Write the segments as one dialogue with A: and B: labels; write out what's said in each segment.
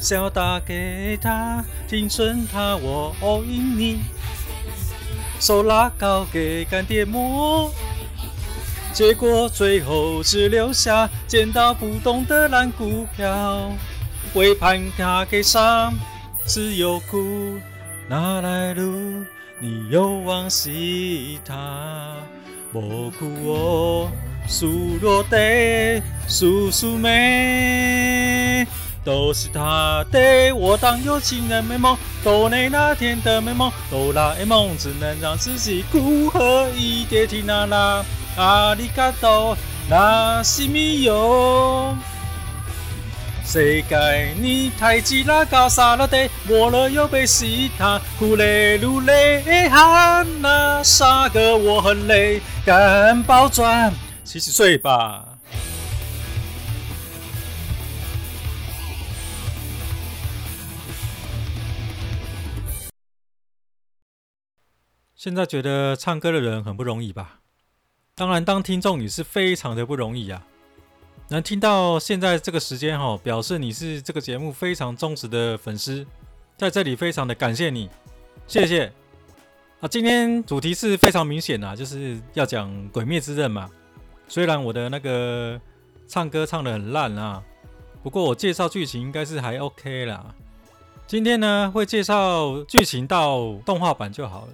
A: 想要打給他，聽順他，我應你；手拉高給乾爹摸，結果最後只留下撿到不動的爛股票。委盤他給上，只有哭，哪來路？你又忘吸它，莫哭我，輸落地，輸輸沒。都是它跌，我當有錢人美夢，抖內那天的美夢，哆啦 A 夢，只能讓自己哭，合一跌停那啦阿里嘎多，那洗米呦，誰蓋你，台積拉高殺 the day，我了又被洗它，哭累嚕雷哈娜，殺個我很累，乾暴賺，洗洗睡吧。現在覺得唱歌的人很不容易吧？當然，當聽眾你是非常的不容易啊！能聽到現在這個時間哦，表示你是這個節目非常忠實的粉絲，在這裡非常的感謝你，謝謝！啊，今天主題是非常明顯啊，就是要講《鬼滅之刃》嘛。雖然我的那個唱歌唱得很爛啊，不過我介紹劇情應該是還 OK 啦。今天呢，會介紹劇情到動畫版就好了。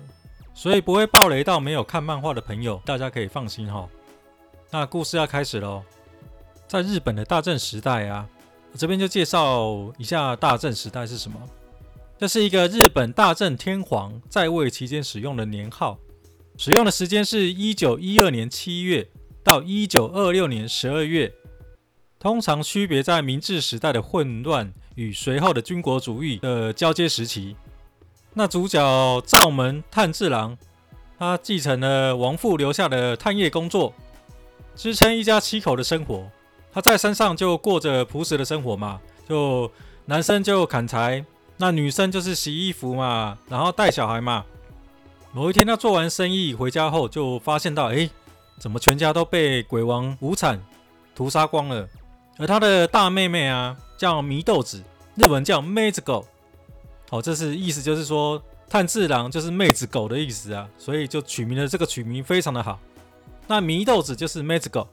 A: 所以不會暴雷到沒有看漫畫的朋友，大家可以放心哈、哦。那故事要開始嘍。在日本的大正時代啊，我這邊就介紹一下大正時代是什麼。這，就是一個日本大正天皇在位期間使用的年號，使用的時間是一九一二年七月到一九二六年十二月，通常區別在明治時代的混亂與隨後的軍國主義的交接時期。那主角灶門炭治郎，他繼承了亡父留下的炭業工作，支撐一家七口的生活。他在山上就過着樸實的生活嘛，就男生就砍柴，那女生就是洗衣服嘛，然後帶小孩嘛。某一天他做完生意回家後，就發現到，哎，怎麼全家都被鬼王無慘屠殺光了？而他的大妹妹啊，叫祢豆子，日本叫妹子狗。哦，這是意思就是說，炭治郎就是妹子狗的意思啊，所以就取名了這個取名非常的好。那祢豆子就是妹子狗，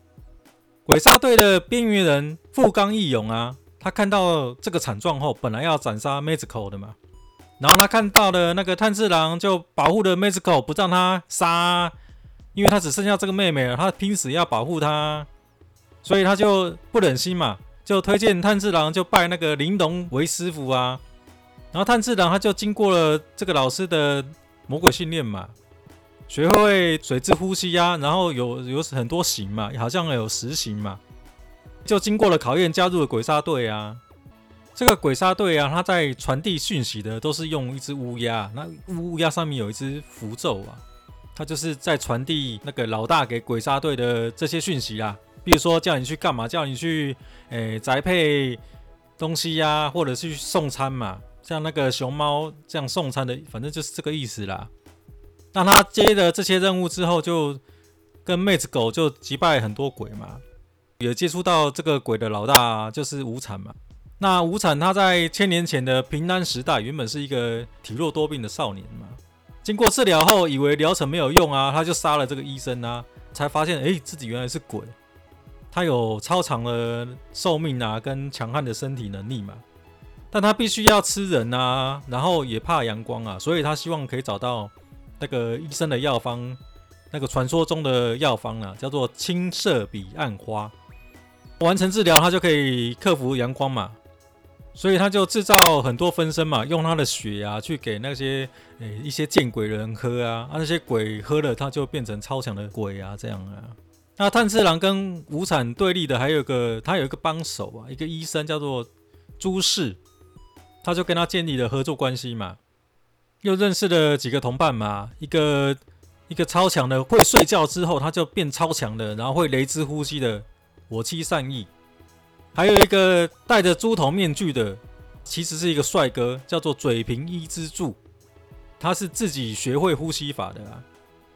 A: 鬼殺隊的邊緣人富岡義勇啊，他看到這個慘狀後，本來要斬殺妹子狗的嘛，然後他看到了那個炭治郎，就保護了妹子狗，不讓他殺，因為他只剩下這個妹妹了，他拼死要保護她，所以他就不忍心嘛，就推薦炭治郎就拜那個玲瓏為師傅啊。然後炭治郎他就經過了這個老師的魔鬼訓練嘛，學會水之呼吸呀、啊，然後有有很多型嘛，好像有十型嘛，就經過了考驗，加入了鬼殺隊啊。這個鬼殺隊啊，他在傳遞訊息的都是用一隻烏鴉，那烏、烏鴉上面有一隻符咒啊，他就是在傳遞那個老大給鬼殺隊的這些訊息啦，比如說叫你去幹嘛，叫你去誒、呃、宅配東西呀、啊，或者是去送餐嘛。像那個熊貓這樣送餐的，反正就是這個意思啦。那他接了這些任務之後，就跟妹子狗就擊敗很多鬼嘛，也接觸到這個鬼的老大、啊，就是無慘嘛。那無慘他在千年前的平安時代，原本是一個體弱多病的少年嘛。經過治療後，以為療程沒有用啊，他就殺了這個醫生啊，才發現哎、欸，自己原來是鬼。他有超長的壽命啊，跟強悍的身體能力嘛。但他必須要吃人啊，然後也怕陽光啊，所以他希望可以找到那個醫生的藥方，那個傳說中的藥方啊，叫做青色彼岸花。完成治療，他就可以克服陽光嘛。所以他就製造很多分身嘛，用他的血啊去給那些呃、欸、一些見鬼的人喝啊，啊那些鬼喝了他就變成超強的鬼啊這樣啊。那炭治郎跟無慘對立的還有一個他有一個幫手啊，一個醫生叫做珠世，他就跟他建立了合作關係嘛，又認識了幾個同伴嘛，一個一個超強的會睡覺之後他就變超強的，然後會雷之呼吸的我妻善逸，還有一個戴着豬頭面具的，其實是一個帥哥，叫做嘴平伊之助，他是自己學會呼吸法的啦，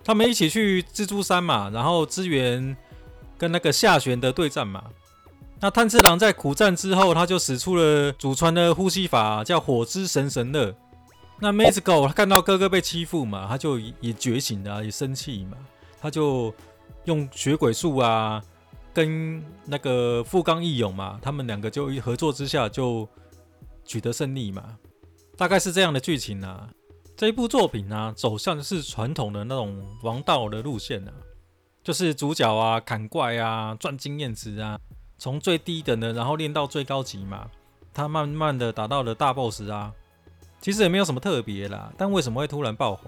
A: 他們一起去蜘蛛山嘛，然後支援跟那個下弦的對戰嘛。那炭治郎在苦戰之後，他就使出了祖傳的呼吸法啊，叫火之神神樂。那妹子狗看到哥哥被欺負嘛，他就也覺醒了啊，也生氣嘛，他就用血鬼術啊，跟那個富岡義勇嘛，他們兩個就一合作之下就取得勝利嘛。大概是這樣的劇情啊。這一部作品呢啊，走向是傳統的那種王道的路線啊，就是主角啊砍怪啊賺經驗值啊。從最低等的，然後練到最高級嘛，他慢慢的達到了大 boss 啊。其實也沒有什麼特別啦，但為什麼會突然爆紅？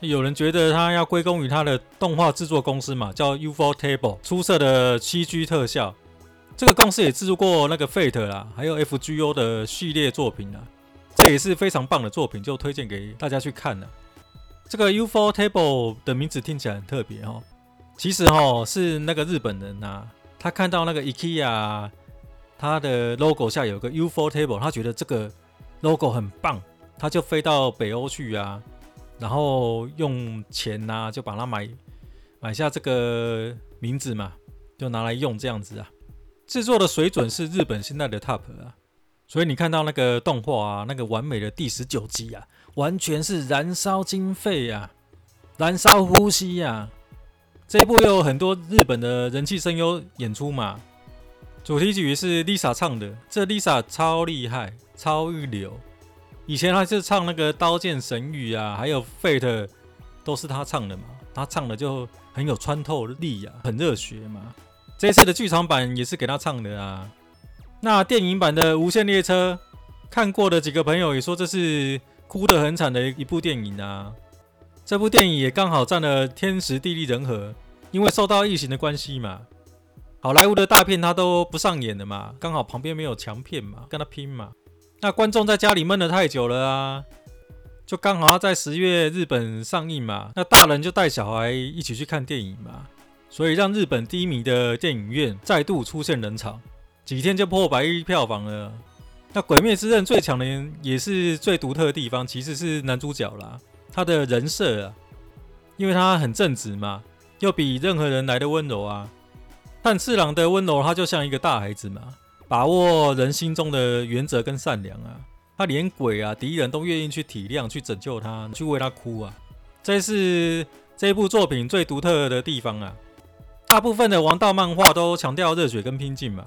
A: 有人覺得他要歸功於他的動畫制作公司嘛，叫 ufotable，出色的 CG 特效。這個公司也制作過那個 Fate 啦，還有 FGO 的系列作品啦。這也是非常棒的作品，就推薦給大家去看了。這個 ufotable 的名字聽起來很特別哦，其實哦是那個日本人啊。他看到那個 IKEA，它的 logo 下有個 UFO table，他覺得這個 logo 很棒，他就飛到北歐去啊，然後用錢吶、啊、就把它買買下這個名字嘛，就拿來用這樣子啊。製作的水準是日本現在的 top 啊，所以你看到那個動畫啊，那個完美的第十九集啊，完全是燃燒經費啊，燃燒呼吸呀、啊。這一部又有很多日本的人氣聲優演出嘛，主題曲是 Lisa 唱的，這 Lisa 超厲害，超一流。以前她是唱那個《刀劍神域》啊，還有《Fate》都是她唱的嘛，她唱的就很有穿透力呀、啊，很熱血嘛。這次的劇場版也是給她唱的啊。那電影版的《無限列車》，看過的幾個朋友也說這是哭得很慘的一部電影啊。這部電影也剛好佔了天時地利人和，因為受到疫情的關係嘛，好萊塢的大片它都不上演了嘛，剛好旁邊沒有強片嘛，跟他拼嘛。那觀眾在家裡悶得太久了啊，就剛好要在十月日本上映嘛，那大人就帶小孩一起去看電影嘛，所以讓日本低迷的電影院再度出現人潮，幾天就破百億票房了。那《鬼滅之刃》最強的也是最獨特的地方，其實是男主角啦。他的人設啊，因為他很正直嘛，又比任何人來的溫柔啊。但次郎的溫柔，他就像一個大孩子嘛，把握人心中的原則跟善良啊。他連鬼啊敵人都願意去體諒，去拯救他，去為他哭啊。這是這部作品最獨特的地方啊。大部分的王道漫畫都強調熱血跟拼勁嘛，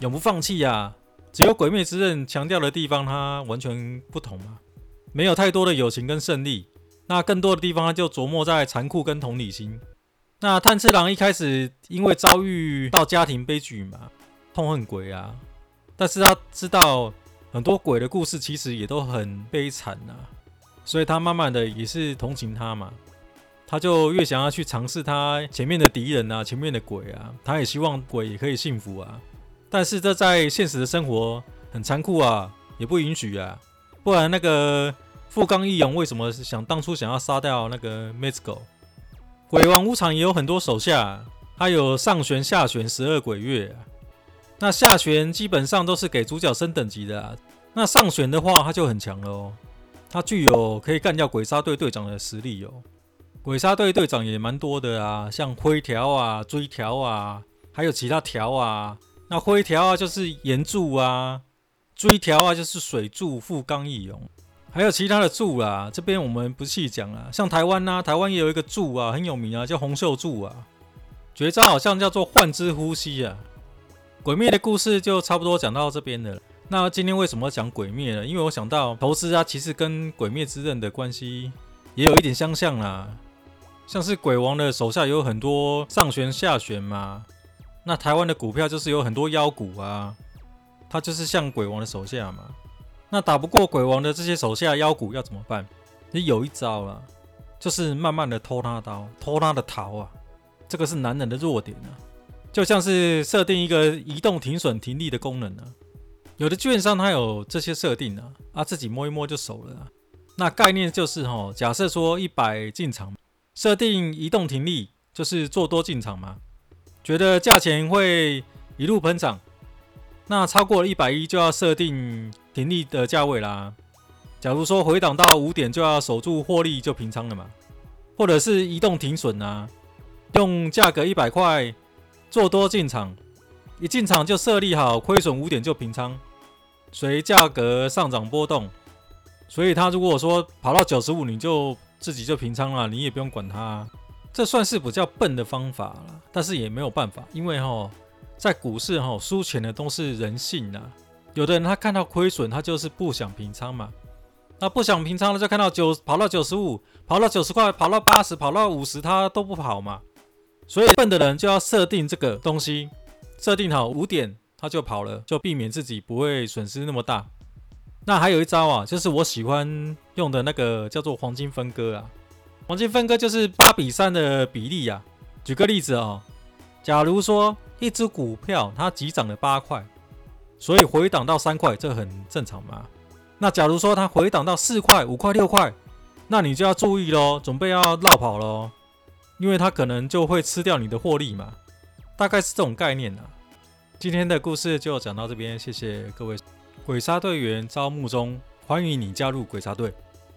A: 永不放棄啊。只有《鬼滅之刃》強調的地方，它完全不同嘛、啊。沒有太多的友情跟勝利，那更多的地方他就琢磨在殘酷跟同理心。那炭治郎一開始因為遭遇到家庭悲劇嘛，痛恨鬼啊，但是他知道很多鬼的故事其實也都很悲慘啊，所以他慢慢的也是同情他嘛，他就越想要去嘗試他前面的敵人啊，前面的鬼啊，他也希望鬼也可以幸福啊，但是這在現實的生活很殘酷啊，也不允許啊，不然那個。富岡義勇為什麼想當初想要殺掉那個禰豆子？鬼王無場也有很多手下。他有上弦、下弦、十二鬼月。那下弦基本上都是給主角升等級的、啊，那上弦的話他就很強嘍、哦，他具有可以幹掉鬼殺隊隊長的實力喲、哦。鬼殺隊隊長也蠻多的啊，像灰條啊、追條啊，還有其他條啊。那灰條啊就是岩柱啊，追條啊就是水柱富岡義勇。還有其他的柱啦、啊，這邊我們不細講了。像台灣吶、啊，台灣也有一個柱啊，很有名啊，叫洪秀柱啊。絕招好像叫做幻之呼吸啊。鬼滅的故事就差不多講到這邊的了。那今天為什麼講鬼滅呢？因為我想到投資啊，其實跟鬼滅之刃的關係也有一點相像啦、啊。像是鬼王的手下有很多上弦、下弦嘛，那台灣的股票就是有很多妖股啊，它就是像鬼王的手下嘛。那打不過鬼王的這些手下妖股要怎麼辦？你有一招了、啊，就是慢慢的偷他的刀，偷他的桃啊！這個是男人的弱點啊！就像是設定一個移動停損停利的功能啊！有的券商它有這些設定啊，啊自己摸一摸就熟了、啊。那概念就是哈、哦，假設說一百進場，設定移動停利就是做多進場嘛，覺得價錢會一路噴漲，那超過一百一就要設定。停利的價位啦，假如說回檔到五點就要守住獲利就平倉了嘛，或者是移動停損啊，用價格一百塊做多進場，一進場就設立好虧損五點就平倉，隨價格上漲波動，所以他如果說跑到九十五你就自己就平倉了，啊，你也不用管他，啊，這算是比較笨的方法了，但是也沒有辦法，因為吼在股市吼輸錢的都是人性啦。有的人他看到虧損，他就是不想平倉嘛。那不想平倉的就看到九跑到九十五，跑到九十塊，跑到八十，跑到五十，他都不跑嘛。所以笨的人就要設定這個東西，設定好五點他就跑了，就避免自己不會損失那麼大。那還有一招啊，就是我喜歡用的那個叫做黃金分割啊。黃金分割就是八比三的比例呀。舉個例子啊，假如說一隻股票它急漲了八塊。所以回檔到三塊，這很正常嘛。那假如說他回檔到四塊、五塊、六塊，那你就要注意咯，準備要落跑咯，因為他可能就會吃掉你的獲利嘛。大概是這種概念啊。今天的故事就講到這邊，謝謝各位。鬼殺隊員招募中，歡迎你加入鬼殺隊。